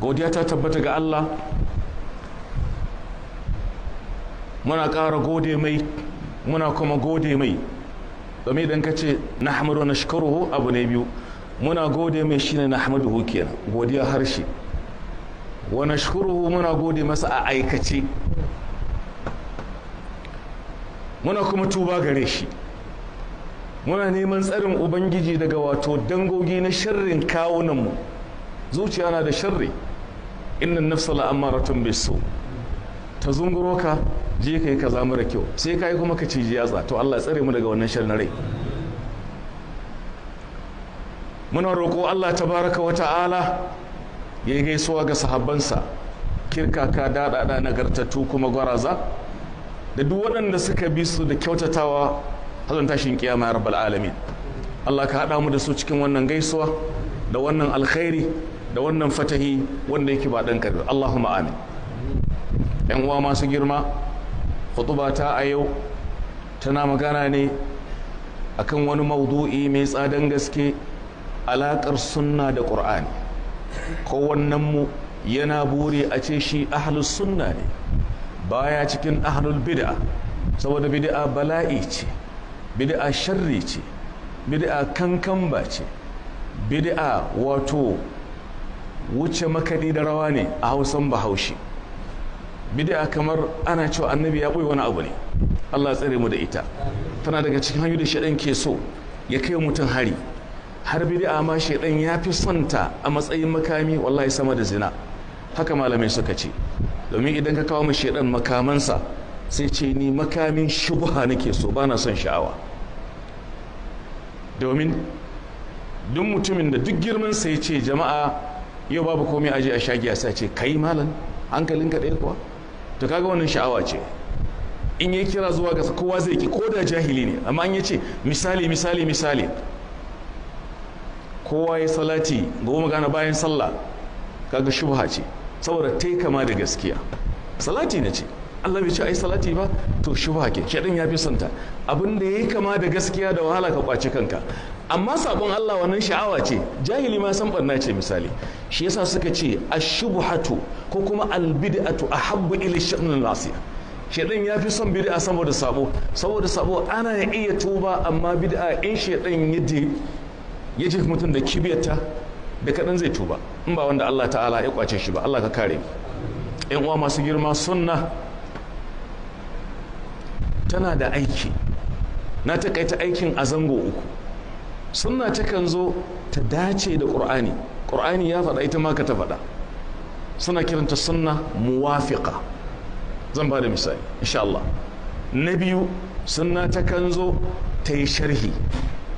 godiya ta tabbata ga Allah muna ƙara gode mai muna kuma gode mai domin idan ka ce na hamadu na shikaruhu abu ne biyu muna gode mai shine na hamadu kenan godiya harshe wa na hu muna gode masa a aikace muna kuma tuba gare shi muna neman tsarin ubangiji daga wato dangogi na shirin kawunanmu zuciya na da shirin. innan nafsa la'amaratun bisu ta zunguro ka je ka yi da kyau sai ka yi kuma ka ciji yatsa to Allah ya tsare mu daga wannan shirin rai muna roƙo Allah baraka wa ta'ala ya yi gaisuwa ga sahabbansa ka daɗaɗa nagartatu kuma gwaraza da duk waɗanda suka bi su da kyautatawa hazon tashin kiyama ya rabbal alamin Allah ka haɗa mu da su cikin wannan gaisuwa da wannan alkhairi da wannan fatahi wanda yake ba ɗan karbi Allahumma amin yan uwa masu girma hutuba ta a yau tana magana ne akan wani maudu'i mai tsadan gaske alaƙar sunna da ƙur'ani kowannen mu yana buri a ce shi ahalus sunna ne baya cikin ahlul bid'a saboda bid'a bala'i ce bid'a sharri ce bid'a kankan ba ce bid'a wato wuce makaɗi da rawa ne a hausan bahaushe bid'a kamar ana cewa annabi ya ɓoye wani abu ne Allah tsare mu da ita tana daga cikin hanyoyi da shaɗan ke so ya kai mutum hari har bid'a ma shaɗan ya fi santa a matsayin makami wallahi sama da zina haka malamai suka ce domin idan ka kawo mu shaɗan makamansa sai ce ni makamin shubuha nake so ba na son sha'awa domin duk mutumin da duk girman ya ce jama'a yau babu komai aje a shagi a sace kai malam hankalinka ɗaya kuwa to kaga wannan sha'awa ce in yi kira zuwa ga kowa zai ki ko da jahili ne amma an yi ce misali misali misali kowa ya salati goma gana bayan sallah kaga shubha ce saboda ta kama da gaskiya salati na ce Allah bai ce ai salati ba to shubha ke shaɗin ya fi santa abin da ya kama da gaskiya da wahala ka kwace kanka amma sabon Allah wannan sha'awa ce jahili ma san barna ce misali shi yasa suka ce ashubhatu ko kuma albid'atu ahabbu ila sha'nil nasiya shedan ya fi son bid'a saboda sabo saboda sabo ana iya tuba amma bid'a in shedan yaje yaje mutum da kibiyarta da kadan zai tuba in ba wanda Allah ta'ala ya kwace shi ba Allah ka kare yan uwa masu girma sunna tana da aiki na takaita aikin a zango uku sunna takan zo ta dace da ƙur'ani ƙur'ani ya faɗa ita ma ta faɗa suna kiranta sunna muwafiƙa. zan ba da misali insha Allah na biyu sunna takan zo ta yi sharhi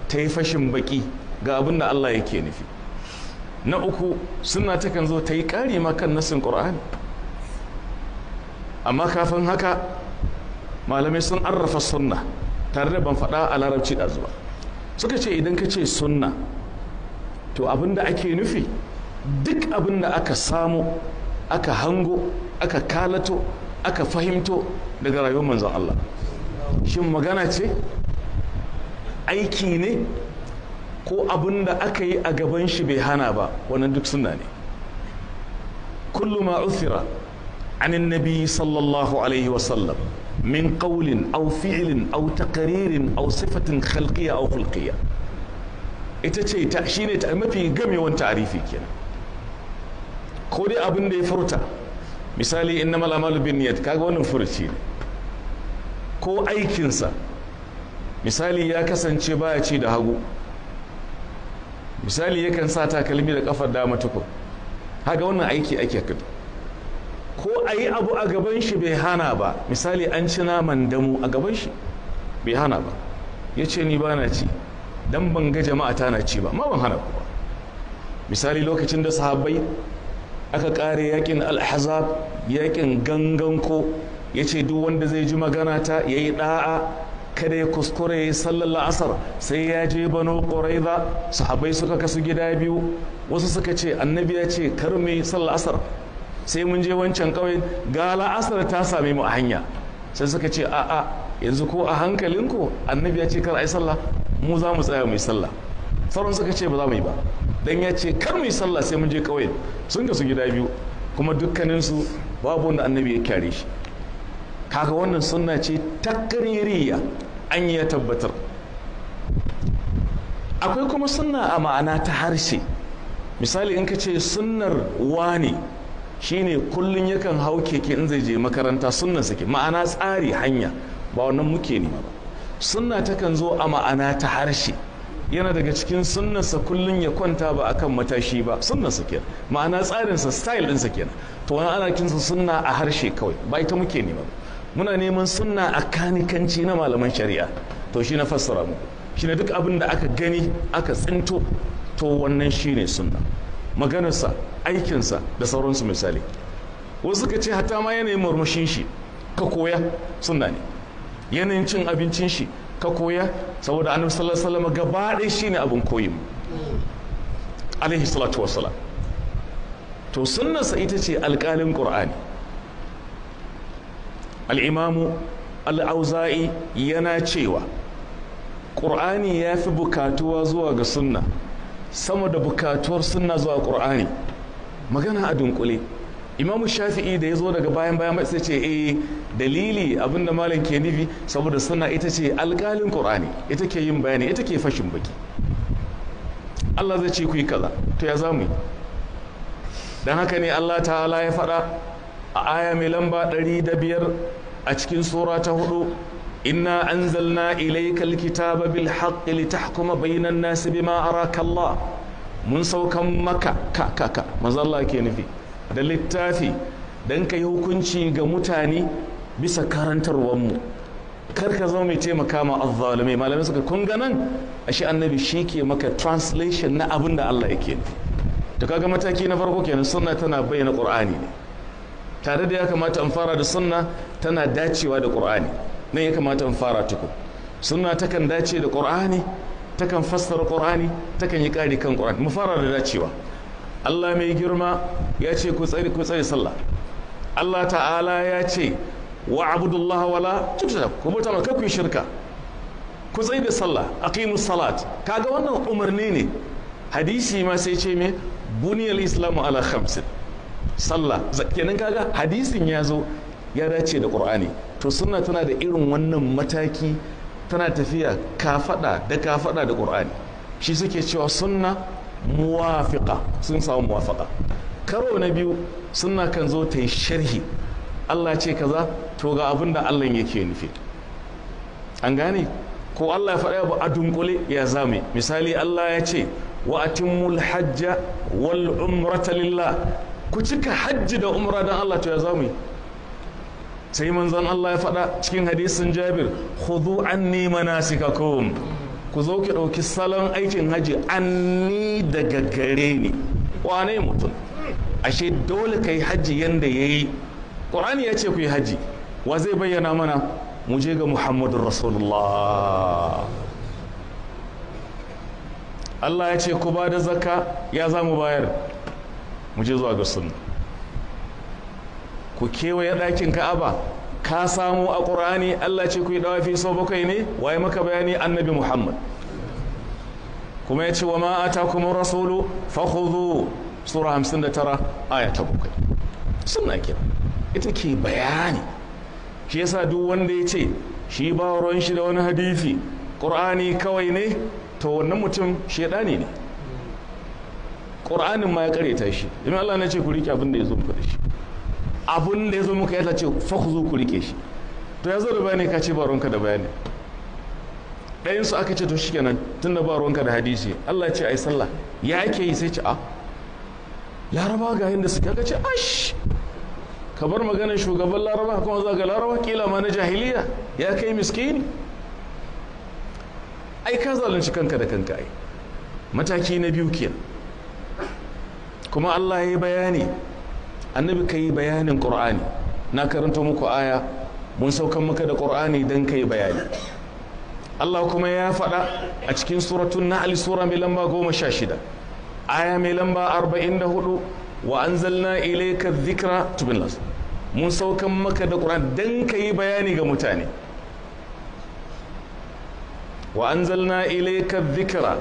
ta yi fashin baƙi ga abin da Allah yake nufi na uku ta takan zo ta yi ƙari kan nasin ƙur'ani amma kafin haka malamai sun arrafa sunna tare da ban faɗa a larabci ɗazu ba suka ce idan ka ce sunna to abinda ake nufi duk abinda aka samu aka hango aka kalato aka fahimto daga rayuwar manzon Allah shin magana ce aiki ne ko abinda aka yi a gaban shi bai hana ba wannan duk sunna ne kullu ma uthira anin nabi sallallahu alaihi wasallam min qawlin aw fi'lin aw taqririn aw sifatin khalqiyya aw khulqiyya ita ce ta shine ta mafi gamewan ta'arifi kenan ko dai abin da ya furta misali innamal amalu binniyat kaga wannan furuci ne ko aikinsa misali ya kasance baya ce da hagu misali yakan sa takalmi da kafar dama tukun haga wannan aiki ake kada ko a yi abu a gaban shi bai hana ba misali an ci naman damu a gaban shi bai hana ba ya ce ni ba na ci don ban ga jama'a ta na ci ba ma ban hana ku ba misali lokacin da sahabbai aka kare yakin alhazab yakin gangan ko ya ce duk wanda zai ji magana ta ya yi da'a kada ya kuskure ya yi sallar la'asar sai ya je bano ba sahabai suka kasu gida biyu wasu suka ce annabi ya ce kar mai son asar la'asar sai mun je wancan kawai gala asar ta same mu a hanya sai suka ce a a yanzu ko a hankalinku annabi ya ce kar a yi sallah mu za mu tsaya mu yi sallah sauran suka ce ba za mu yi ba dan ya ce kar mu yi sallah sai mun je kawai sun ga su gida biyu kuma dukkaninsu babu wanda annabi ya kyare shi kaga wannan sunna ce takaririya an ya tabbatar akwai kuma sunna a ma'ana ta harshe misali in ka ce sunnar wani shine kullum yakan hau keke in zai je makaranta sunnan sake ma'ana tsari hanya ba wannan muke nema ba sunna takan zo a ma'ana ta harshe yana daga cikin sunnarsa kullum ya kwanta ba akan matashi ba sunnarsa kenan ma'ana tsarinsa style ɗinsa kenan to wani ana kinsa sunna a harshe kawai ba ita muke nema ba muna neman sunna a kanikanci na malaman shari'a to shi na fassara mu shi duk abin da aka gani aka tsinto to wannan shine sunna maganarsa aikinsa da sauransu misali wasu suka ce hata ma yanayin murmushin shi ka koya sunna ne yanayin cin abincin shi ka koya saboda annabi sallallahu alaihi wasallam gaba ɗaya shine abin koyin alaihi salatu wassalam to sunnarsa ita ce alƙalin qur'ani al-imamu al-auza'i yana cewa qur'ani ya fi bukatuwa zuwa ga sunna sama da bukatuwar sunna zuwa ƙur'ani magana a dunkule imamu shafi'i da ya zo daga bayan bayan sai ce eh dalili abinda malam ke nufi saboda sunna ita ce alƙalin ƙur'ani ita ke yin bayani ita ke fashin baki Allah zai ce ku yi kaza to ya zamu yi dan haka ne Allah ta'ala ya faɗa a aya mai lamba 105 a cikin sura ta hudu inna anzalna ilayka alkitaba bil haqqi litahkuma bainan nasi bima araka Allah mun saukan maka ka ka ka mazalla ke nufi da littafi dan kai hukunci ga mutane bisa karantarwar mu kar ka zama mai taimaka ma azzalimai malamai suka kun nan. ashe annabi shi ke maka translation na abin da Allah yake nufi to kaga mataki na farko kenan sunna tana bayyana qur'ani ne tare da ya kamata an fara da sunna tana dacewa da qur'ani nan ya kamata in fara tuku suna takan dace da ƙur'ani takan fassara ƙur'ani takan yi ƙari kan qur'ani mu fara da dacewa Allah mai girma ya ce ku tsari ku tsari sallah Allah ta'ala ya ce wa abudullaha wala tushriku ku bauta ku shirka ku tsari da sallah aqimu salat kaga wannan umarni ne hadisi ma sai ce me buniyal islamu ala khamsin sallah kenan kaga hadisin ya zo ya dace da ƙur'ani to sunna tana da irin wannan mataki tana tafiya kafaɗa da kafaɗa da ƙur'ani shi suke cewa sunna muwafiƙa sun samu muwafiƙa. karo na biyu sunna kan zo ta yi sharhi Allah ce kaza to ga abin da Allah yake nufi an gane ko Allah ya faɗa ba a dunkule ya zame misali Allah ya ce wa atimmul hajja wal umrata lillah ku cika hajji da umra dan Allah to ya zame sai manzon Allah ya faɗa cikin hadisin Jabir khudhu anni manasikakum ku zo ki ɗauki salon aikin haji anni daga gare ni wane mutum ashe dole kai haji yanda yayi ƙurani ya ce ku yi haji wa zai bayyana mana mu je ga Muhammadu Rasulullah Allah ya ce ku ba da zakka ya za mu bayar mu je zuwa ga sunna ku kewaye ɗakin ka'aba ka samu a ƙur'ani Allah ce ku yi dawafi sau bakwai ne waye maka bayani annabi Muhammad kuma ya ce wa ma atakumur rasulu fakhudhu sura 59 aya ta bakwai sunna kira ita ke bayani shi sa duk wanda ya ce shi ba ruwan shi da wani hadisi ƙur'ani kawai ne to wannan mutum shaidani ne ƙur'anin ma ya kareta shi domin Allah na ce ku rike abin da ya zo da shi abun da ya zo muka yata ce fakuzu ku rike shi to ya zo da ka ce ba ruwanka da bayani ɗayan su aka ce to shikenan tun da ba ruwanka da hadisi Allah ce a yi sallah ya ake yi sai ce a ah. laraba ga yadda suke ka ce ash ka bar maganar shugaban laraba kuma za ga laraba kila ma na jahiliya ya kai miskini ai ka zalunci kanka da kanka ai mataki na biyu kenan kuma Allah ya yi bayani annabi ka yi bayanin ƙur'ani na karanta muku aya mun saukan maka da ƙur'ani don ka yi bayani Allah kuma ya faɗa a cikin suratun na'al sura mai lamba goma sha shida aya mai lamba arba'in da hudu wa an zalna ilaika zikra tubinlas mun saukan maka da ƙur'ani don ka yi bayani ga mutane wa an zalna ilaika zikra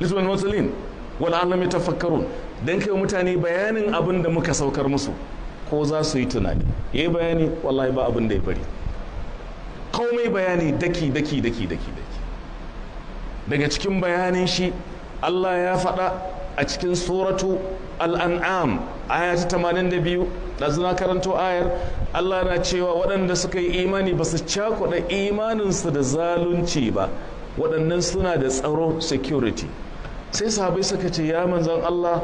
lisbon musulun wal'alami tafakkarun don kai mutane bayanin abin da muka saukar musu ko za su yi tunani ya yi bayani wallahi ba abin da ya bari komai bayani daki daki daki daki daki daga cikin bayanin shi Allah ya faɗa a cikin suratu al'an'am aya ta 82 ɗazu na karanto ayar Allah na cewa waɗanda suka yi imani ba su cakuɗa imaninsu da zalunci ba waɗannan suna da tsaro security sai sahabai suka ce ya manzan Allah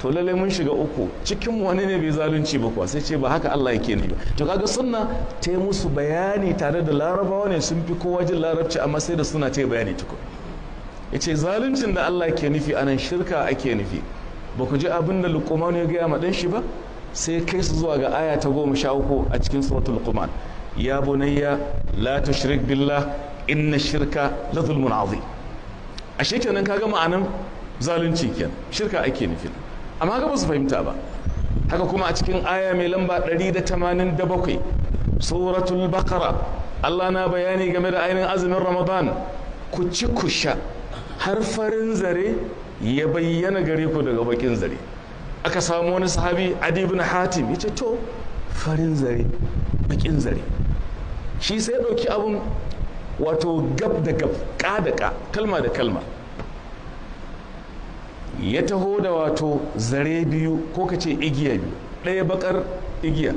to lalle mun shiga uku cikin wani ne bai zalunci ba kuwa sai ce ba haka Allah yake ne ba to kaga sunna ta musu bayani tare da larabawa ne sun fi kowa jin larabci amma sai da suna ta bayani tukun yace zaluncin da Allah ke nufi anan shirka ake nufi ba ku ji abin da luqman ya gaya ma dan shi ba sai kai su zuwa ga aya ta goma sha uku a cikin suratul luqman ya bunayya la tushrik billah inna shirka la zulmun a ka ga ma'anan zalunci kenan shirka ake nufi amma ga ba su fahimta ba haka kuma a cikin aya mai lamba 187 suratul bakara Allah na bayani game da ainihin azumin Ramadan ku ci ku sha har farin zare ya bayyana gare ku daga bakin zare aka samu wani sahabi Adi ibn Hatim yace to farin zare bakin zare shi sai ya dauki abun wato gab da gab ka da kalma da kalma ya taho da wato zare biyu ko ka ce igiya biyu ɗaya bakar igiya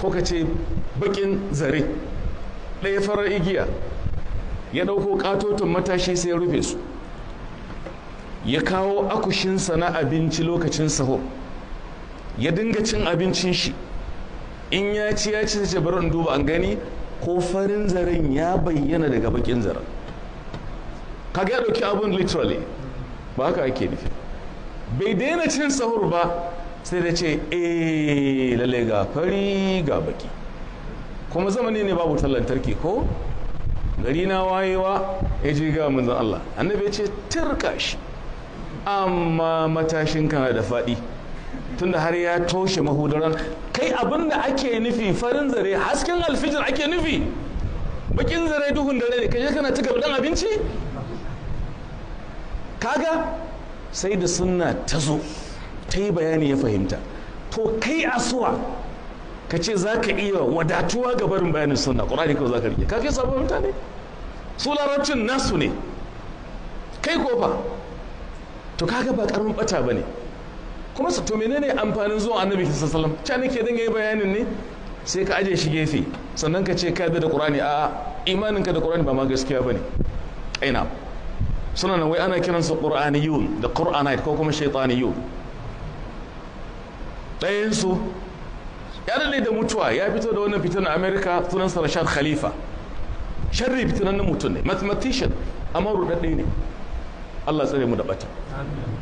ko ka ce bakin zare ɗaya farar igiya ya ɗauko ƙatoton matashi sai ya rufe su ya kawo akushinsa na abinci lokacin saho ya dinga cin abincin shi in ya ci ya ci sai bari in duba an gani ko farin zaren ya bayyana daga bakin zaren kaga ya ɗauki abin literally ba haka ake nufi bai daina cin sahur ba sai da ce e eh, lalle ga fari ga baki kuma zamani ne babu lantarki ko gari na wayewa ya je ga manzon Allah annabi ya ce tirka shi amma matashin kana da faɗi tunda har ya toshe mahudaran kai abin da ake nufi farin zare hasken alfijir ake nufi bakin zare duhun dare ne kaje kana cika dan abinci kaga sai da sunna ta zo ta yi bayani ya fahimta to kai asuwa ka ce za ka iya wadatuwa ga barin bayanin sunna ƙurani ko za ka rike ka sabon mutane su larabcin nasu ne kai kofa to kaga ba karamin bata ba ne kuma su to ne amfanin zuwa annabi sallallahu alaihi wasallam ke dinga yi bayanin ne sai ka aje shi gefe sannan ka ce ka da qur'ani a imanin da qur'ani ba ma gaskiya bane aina suna nan wai ana kiransu qur'aniyun da qur'anite ko kuma shaytaniyun ɗayan su ya dade da mutuwa ya fito da wannan fitan America sunan sa Rashad Khalifa sharri na mutum ne mathematician amma rudadde ne Allah tsare mu da bata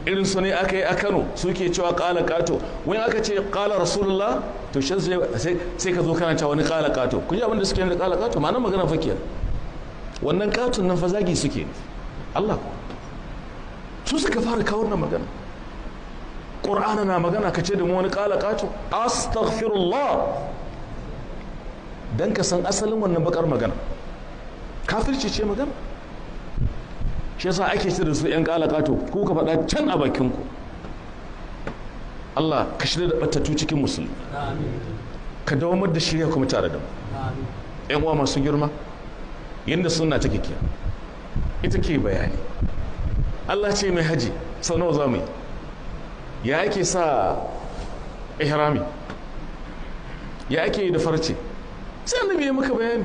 irin su ne aka yi a Kano suke cewa kala ƙato. wani aka ce kala rasulullah to sai ka zo kana cewa wani kala ƙato. kun ji abin da suke yin da kala kato ma'anar magana fakiyar wannan katon nan fa zagi suke Allah su suka fara kawo na magana ƙur'ana na magana ka ce da mu wani kala kato astaghfirullah dan ka san asalin wannan bakar magana kafirci ce magana shi yasa ake shi da su yan kalakato ku ka faɗa can a bakin ku Allah ka shirya da batatu cikin musulmi ka dawamar da shirya kuma tare da mu yan uwa masu girma yadda suna take kiya ita ke bayani Allah ce mai haji sau nawa za mu yi ya ake sa ihrami ya ake yi da farce sai annabi ya maka bayani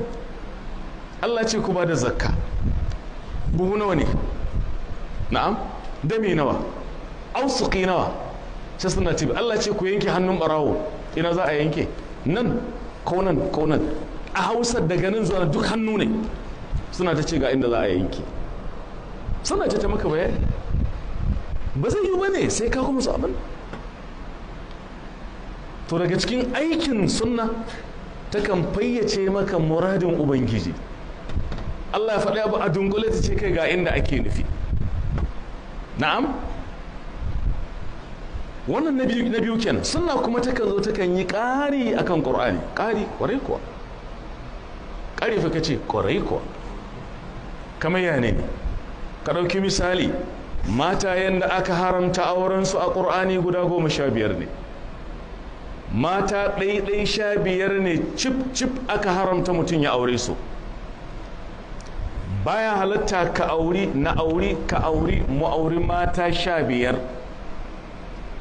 Allah ce ku ba da zakka buhu nawa ne na'am dami nawa ausuki nawa sai suna ce Allah ce ku yanke hannun barawo ina za a yanke nan kaunan kaunan a hausar daga nan zuwa duk hannu ne suna ta ce ga inda za a yanke suna ce ta maka bayani ba zai yi ne sai ka kuma su abin to daga cikin aikin sunna kan fayyace maka muradin ubangiji Allah ya faɗi abu a dunkule ta ce kai ga inda ake nufi na'am wannan na biyu ken sunna kuma takan zo takan yi ƙari akan ƙur'ani ƙari ƙwarai kuwa ƙari fa kace ƙwarai kuwa kamar ya ne ka ɗauki misali mata yadda aka haramta aurensu a ƙur'ani guda goma sha biyar ne mata ɗaiɗai sha biyar ne cip cip aka haramta mutum ya aure su bayan halatta ka auri na auri ka auri mu auri mata sha biyar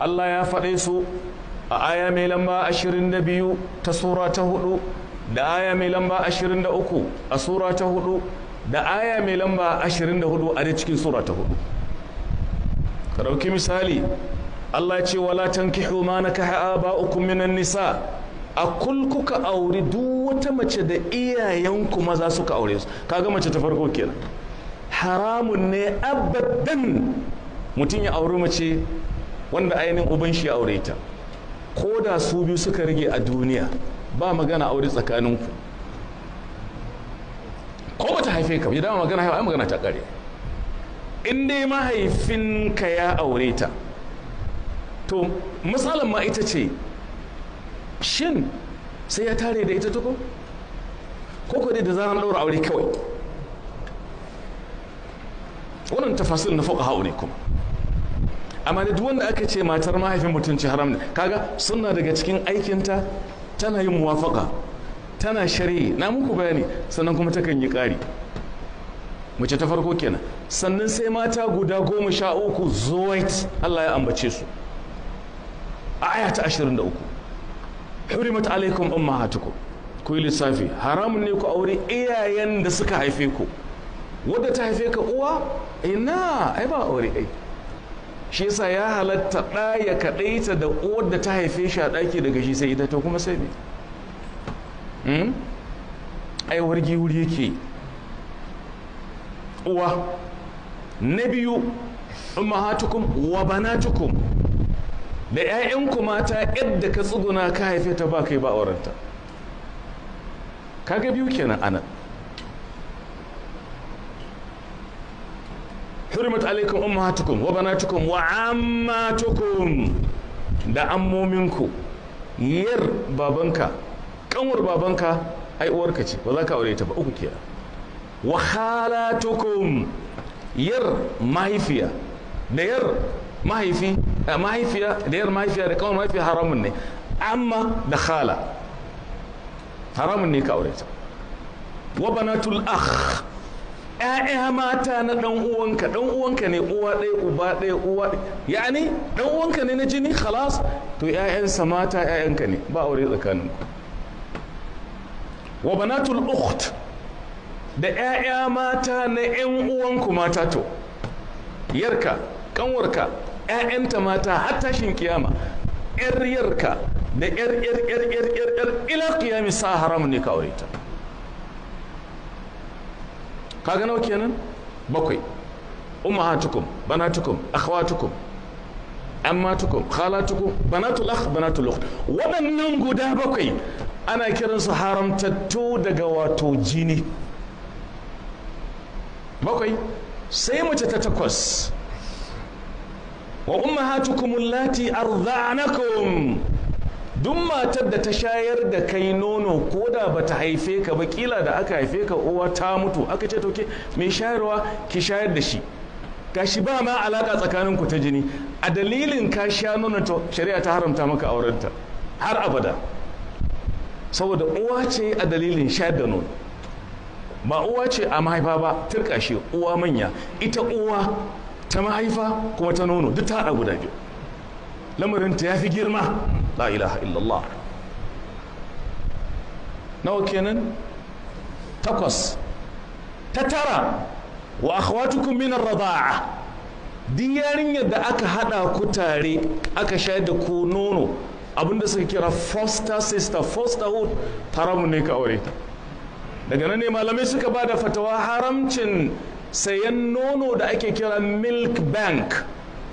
Allah ya faɗe su a aya mai lamba ashirin da biyu ta sura ta hudu da aya mai lamba ashirin da uku a sura ta hudu da aya mai lamba ashirin da hudu a cikin sura ta hudu ka ɗauki misali Allah ce wala tankihu ma ba uku minan nisa' a kul kuka aure duk wata mace da iyayenku maza suka aure su kaga mace ta farko kenan haramun ne abadan mutum ya aure mace wanda ainihin uban shi aure ta ko da su biyu suka rage a duniya ba magana aure tsakaninku ko ba ta haife ka ya dama magana haifa ai magana ta kare in dai mahaifinka ya aure ta to matsalar ma ita ce shin sai ya tare da ita tuku ko ko da zaran daura aure kawai wannan tafasil na fuqaha ne kuma amma da duk wanda aka ce matar mahaifin mutunci haram ne kaga suna daga cikin aikinta tana yin muwafaka tana shari'i na muku bayani sannan kuma takan yi ƙari mace ta farko kenan sannan sai mata guda goma sha uku zuwait Allah ya ambace su a aya ta ashirin da uku hurimat alaikum ummahatukum ku yi lissafi haramun ne ku aure iyayen da suka haife ku wadda ta haife ka uwa ina ai ba aure ai shi yasa ya halatta ɗa ya kaɗaita da uwar da ta haife shi a ɗaki daga shi sai ita ta kuma sai me hmm? ai wargi wuri yake uwa na biyu ummahatukum wa banatukum da 'ya'yanku mata yadda ka tsuguna ka haife ta ba kai ba auranta kaga biyu kenan anan hurmat alaikum ummahatukum wa banatukum wa ammatukum da ammominku yar babanka kanwar babanka ai uwarka ce ba za ka aure ta ba uku kenan wa halatukum yar mahaifiya da yar mahaifi ما هي فيها دير ما هي فيها ركون ما هي فيها حرام مني أما دخالة حرام مني كأوريت وبنات الأخ ‘ya'ya mata تانا ɗan uwanka ɗan اوانك ني اوا داي اوبا داي اوا yani ɗan اوانك ني na jini khalas to ‘ya'yansa سماتا ‘ya'yanka ne ba aure tsakanin wa banatul ukht da ‘ya'ya mata na ‘yan uwanku mata to yarka kanwarka 'ya'yanta mata har tashin kiyama yaryarka da yar yar yar yar yar yar ila kiyami sa haram ne aure ta kaga nawa kenan bakwai ummahatukum banatukum akhwatukum ammatukum khalatukum banatul akh banatul ukht waɗannan guda bakwai ana kiran kiransu haramtattu daga wato jini bakwai sai mace ta takwas wa ummahatukum allati arda'nakum duk matar da ta shayar da kai nono ko da bata haife ka ba kila da aka haife ka uwa ta mutu aka ce to mai shayarwa ki shayar da shi tashi ba ma alaka tsakanin ku ta jini a dalilin ka sha nono to shari'a ta haramta maka aurenta har abada saboda uwa ce a dalilin shayar da nono ba uwa ce a mahaifa ba turka shi uwa manya ita uwa ta mahaifa kuma ta nono duk ta haɗa guda biyu lamarin ta yafi girma la ilaha illallah nawa kenan takwas ta tara wa akhwatukum min ar-rida'a din yarinyar da aka hada ku tare aka shayar da ku nono abinda suka kira foster sister fosterhood haramun ne ka aure ta daga nan ne malamai suka ba da fatawa haramcin sayan nono da ake kira milk bank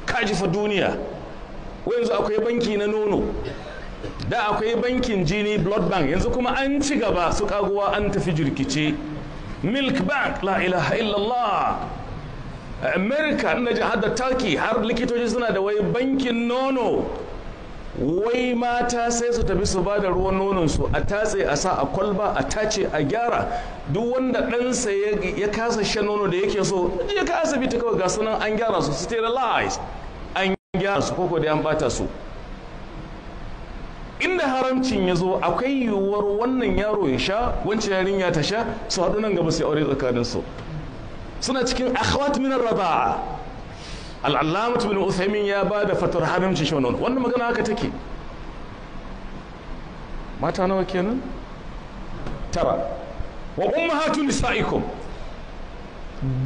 kaji fa duniya yanzu akwai banki na nono da akwai bankin jini blood bank yanzu kuma an ci gaba su kaguwa an tafi jirkice milk bank la ilaha illallah america na jihar da turkey har likitoci suna da wai bankin nono wai mata sai su tafi su ba da ruwan nononsu a tatse a sa a kwalba a tace a gyara duk wanda ɗansa ya kasa shan nono da yake so ya ka asibiti kawai ga sunan an gyara su sterilize an gyara su koko da an bata su inda haramcin ya zo akwai yiwuwar wannan yaro ya sha wancan yarinya ta sha su haɗu nan gaba sai aure tsakaninsu suna cikin akhwat min raba'a al'allamat bin usaimin ya ba da fatar haramcin shi wani wani magana haka take mata nawa kenan tara wa hatu nisaikum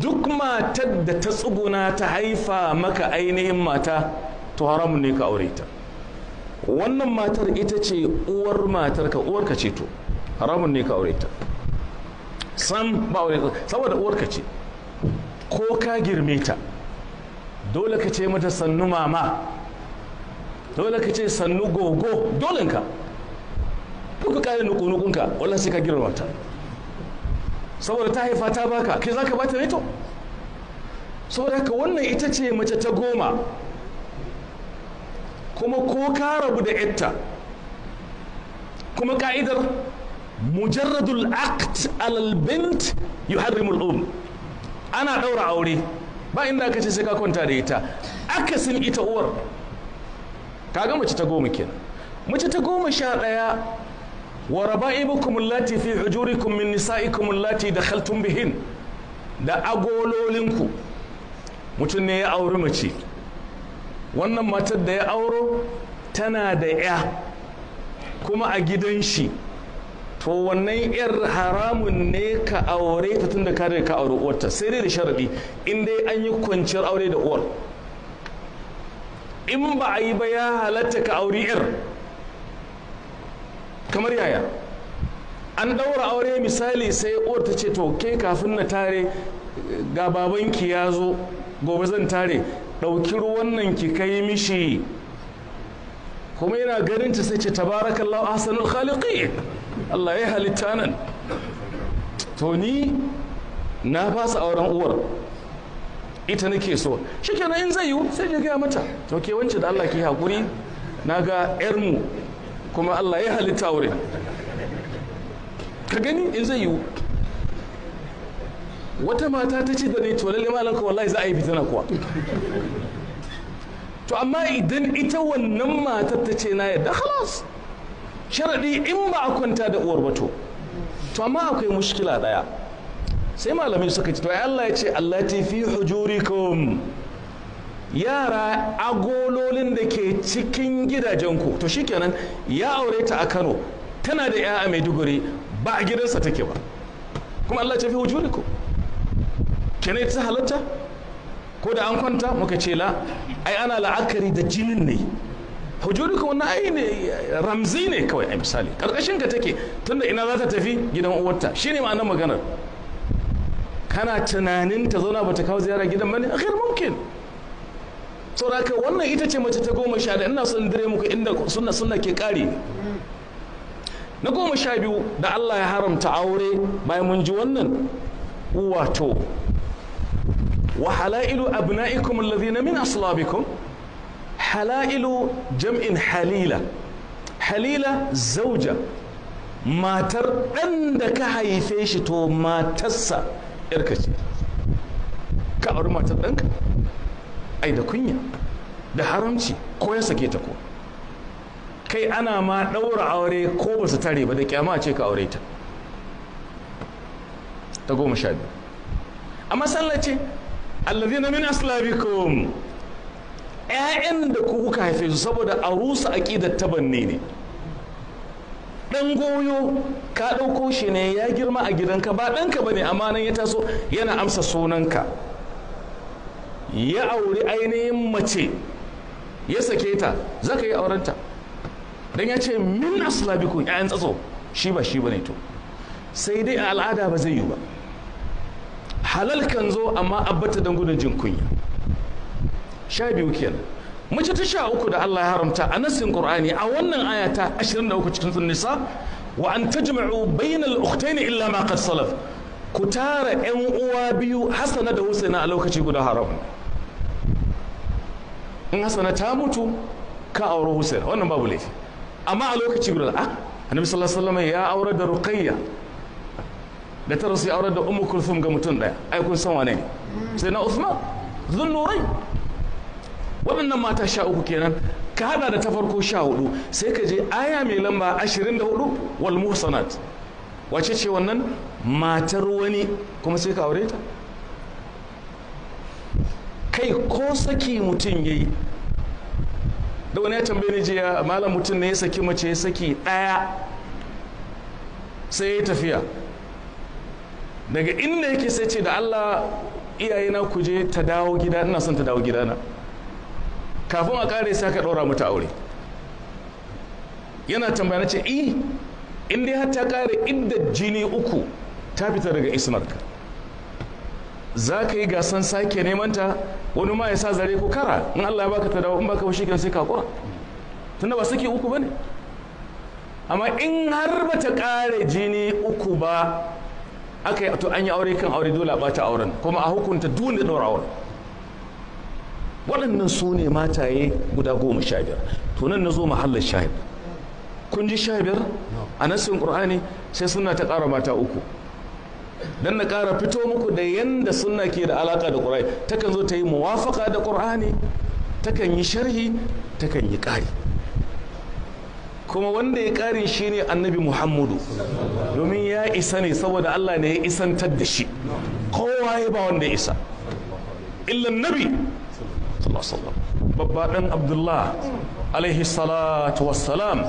duk matar da ta tsuguna ta haifa maka ainihin mata to haramun ne ka aure ta wannan matar ita ce uwar matar ka uwar ka ce to haramun ne ka aure ta san ba aure saboda uwar ka ce ko ka girme ta dole ka ce mata sannu mama dole ka ce sannu gogo dole ka. ka kare nuku-nukunka wallah sai ka girma ta saboda ta haifa ta baka kai za ka bata ne to saboda haka wannan ita ce mace ta goma kuma ko ka rabu da yatta kuma ka'idar mujarradul akt alal bint yuharrimul um ana ɗaura aure ba inda aka ce sai ka kwanta da ita akasin ita uwar ga mace ta goma kenan mace ta goma sha ɗaya wa raba'ibukum allati fi hujurikum min nisa'ikum allati dakhaltum bihin da agololinku mutum ne ya auri mace wannan matar da ya auro tana da ya kuma a gidan shi to wannan yar haramun ne ka aure ta tun da ka ka aure uwarta sai dai da sharaɗi in dai an yi kwanciyar aure da uwar in ba a yi ba ya halatta ka aure yar kamar yaya an ɗaura aure misali sai uwar ta ce to ke kafin na tare ga babanki ya zo gobe zan tare ɗauki ruwan ki kai mishi kuma yana ganin ta sai ce tabarakallahu ahsanul khaliqin Allah ya halitta nan to ni na ba su auren uwar ita nake so shikenan in zai yiwu sai ya gaya mata to ke wance da Allah ke hakuri na ga yarmu kuma Allah ya halitta wurin ka gani in zai yiwu wata mata ta ce da ni to lalle malanka wallahi za a yi fitina kuwa to amma idan ita wannan matar ta ce na yadda halas sharaɗi in ba a kwanta da uwar ba to to amma akwai mushkila ɗaya sai malamai suka ce to ai Allah ya ce allati fi hujurikum yara agololin da ke cikin gidajenku to shikenan ya aure ta a Kano tana da ƴaƴa Maiduguri ba a gidansa take ba kuma Allah ya ce fi hujurikum kene ta halatta ko da an kwanta muka ce la ai ana la'akari da jinin ne hujudukum wani ne ramzi ne kawai a misali karkashin ka take tunda ina za ta tafi gidan uwarta shine ma'anar maganar kana tunanin ta zauna bata kawo ziyara gidan bane akhir mumkin saboda wannan ita ce mace ta goma sha da ina son dire muku inda sunna sunna ke kare na goma sha biyu da Allah ya haramta aure bayan mun ji wannan wato wa halailu abna'ikum alladhina min aslabikum halailu jam'in halila halila zauja matar ɗan ka haife shi to matarsa yarka ce ka auri matar ɗanka ai da kunya da haramci ko ya sake ta ko kai ana ma ɗaura aure ko ba su tare ba da kyama ce ka aure ta ta goma sha biyu a masallaci allazina min aslabikum 'ya'yan da ku kuka haife su saboda a rusa aƙidar tabanni ne ɗan goyo ka ɗauko shi ne ya girma a gidanka ba ɗanka ba ne amma nan ya taso yana amsa sunanka ya auri ainihin mace ya sake ta za ka yi aurenta don ya ce min aslabiku 'ya'yan tsatso shi ba shi ba ne to sai dai a al'ada ba zai yi ba halal kan zo amma abbata don gudun jin kunya sha biyu kenan mace ta sha uku da Allah ya haramta a nasin Qur'ani a wannan aya ta 23 cikin nisa wa an tajma'u bainal ukhtayn illa ma qad salaf ku tara ɗan uwa biyu hasana da Husaina a lokaci guda haram in hasana ta mutu ka aure Husaina wannan babu laifi amma a lokaci guda a ah, Annabi sallallahu alaihi wasallam ya aure da Ruqayya da ta rasu ya aure da Ummu Kulthum ga mutum daya ai kun san wane sai na Uthman dhunnurai waɗannan mata sha uku kenan ka hada da ta farko sha hudu sai ka je aya mai lamba ashirin da hudu wal muhsanat wace ce wannan matar wani kuma sai ka aure ta kai ko saki mutum ya yi da wani ya tambaye ni jiya malam mutum ne ya saki mace ya saki ɗaya sai ya tafiya daga inda yake sai ce da allah iyayena ku je ta dawo gida ina son ta dawo gidana kafin a kare sa ka ɗora mata aure yana tambaya na ce i eh, in dai har ta kare idda jini uku ta fita daga isnarka za ka yi gasan sake neman ta wani ma ya sa zare ku kara in Allah ya baka ta dawo in baka ba shikenan sai ka tunda ba suke uku ba ne amma in har ba ta kare jini uku ba aka yi to an yi aure kan aure dole a bata auren kuma a hukunta duk da ɗora auren waɗannan su ne mataye guda goma sha biyar tunan na zo mahallar shahid kun ji sha biyar a nasin ƙur'ani sai suna ta ƙara mata uku don na ƙara fito muku da yanda suna ke da alaƙa da ƙur'ani takan zo ta yi muwafaka da ƙur'ani takan yi sharhi takan yi ƙari kuma wanda ya ƙarin shi ne annabi muhammadu domin ya isa ne saboda allah ne ya isantar da shi kowa ya ba wanda ya isa illan nabi babba ɗan abdullah alaihi salatu wassalam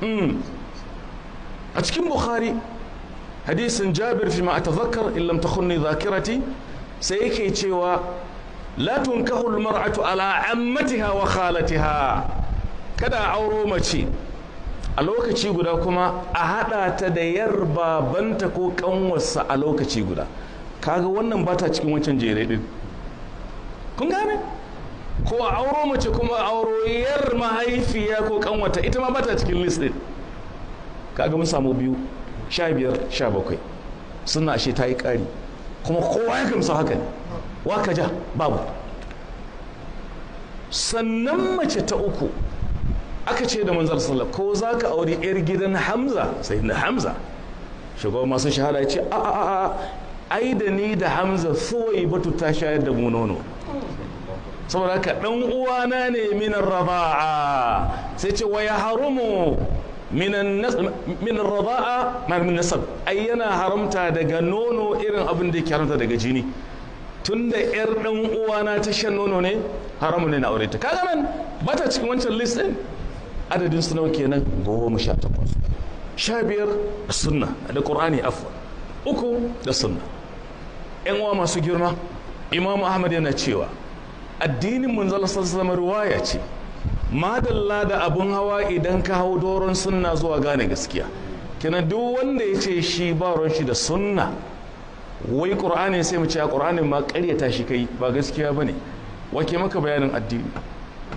hmm. a cikin bukhari hadisin jabir fi ma zakar in ta kunni zakirati sai yake cewa latun kahul almar'atu ala ammatiha wa khalatiha kada auro mace a lokaci guda kuma a haɗa ta da yar babanta ko kanwarsa a lokaci guda kaga wannan bata cikin wancan jere din kun gane ko a auro mace kuma a auro yar mahaifiya ko kanwata ita ma bata cikin list din kaga mun samu biyu sha biyar sha bakwai suna ashe ta yi ƙari kuma kowa ya gamsa haka ne waka ja babu sannan mace ta uku aka ce da manzar sallah ko za ka auri 'yar gidan hamza sai na hamza shugaba masu shahada ya ce a a a ai da ni da hamza suwai batu ta shayar da mu nono saboda haka ɗan uwana ne minan raba'a sai ce wa ya harumu minan raba'a ma min nasab ai yana haramta daga nono irin abin da ke haramta daga jini tun da yar ɗan uwana ta shan nono ne haramu ne na aure ta kaga nan bata cikin wancan list ɗin. adadin su nawa kenan goma sha takwas sha biyar da sunna da qur'ani afwa uku da sunna yan uwa masu girma imamu ahmad yana cewa addinin manzala sallama ruwaya ce madalla da abun hawa idan ka hau doron sunna zuwa gane gaskiya kina duk wanda ya ce shi ba ruwan shi da sunna wai ƙur'ani sai mu ce a ƙur'anin ma ƙaryata shi kai ba gaskiya ba ne wake maka bayanin addini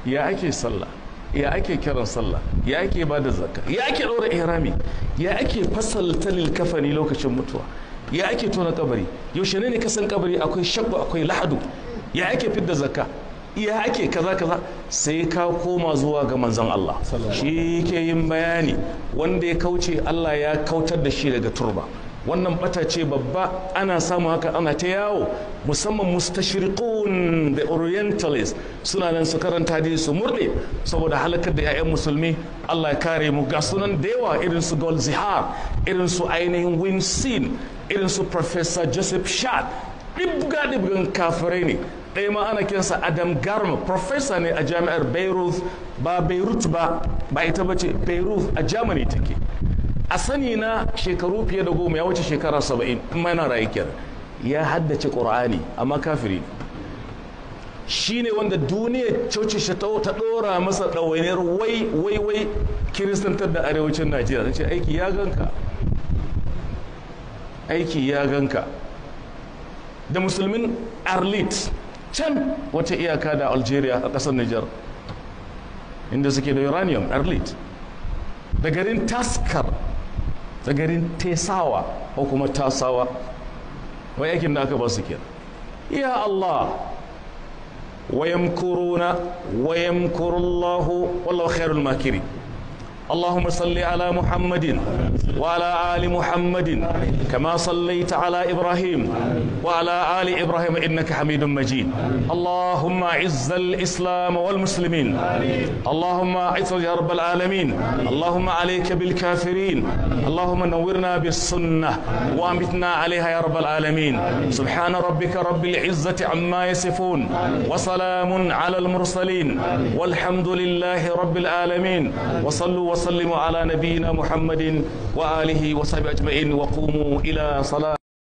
ya ake sallah ya ake kiran sallah ya ake ba da zakka ya ake ɗaura ihrami ya ake fasalta kafani lokacin mutuwa ya ake tona kabari yaushe ne ne kasan kabari akwai shakku akwai lahadu ya ake fidda zakka ya ake kaza kaza sai ka koma zuwa ga manzon Allah shi ke yin bayani wanda ya kauce Allah ya kautar da shi daga turba wannan bata ce babba ana samu haka ana ta yawo musamman mustashriqun the orientalist suna nan su karanta da su murde saboda halakar da 'ya'yan musulmi Allah ya kare mu ga sunan da yawa irin su Gold Zihar irin su ainihin Winsin irin su Professor Joseph Shad dibga dibgan kafirai ne ɗaya ma ana kinsa adam garma profesa ne a jami'ar beirut ba beirut ba ba ita ba beirut a germany take a sani na shekaru fiye da goma ya wuce shekara saba'in kuma yana rayu ya haddace ƙur'ani amma kafiri shi ne wanda duniya coci shi ta ɗora masa ɗawainiyar wai wai wai kiristantar da arewacin najeriya ce aiki ya ganka aiki ya ganka da musulmin arlit can wata iyaka da algeria a ƙasar niger inda suke da uranium arlit da garin taskar da garin tesawa ko kuma tasawa wai aikin da aka ba su kira ya allah wayamkuruna wayamkurullahu wallahu khairul makiri اللهم صل على محمد وعلى آل محمد كما صليت على إبراهيم وعلى آل إبراهيم إنك حميد مجيد اللهم عز الإسلام والمسلمين اللهم عز يا رب العالمين اللهم عليك بالكافرين اللهم نورنا بالسنة وأمتنا عليها يا رب العالمين سبحان ربك رب العزة عما يصفون وسلام على المرسلين والحمد لله رب العالمين وصلوا وسلموا على نبينا محمد وآله وصحبه أجمعين وقوموا إلى صلاة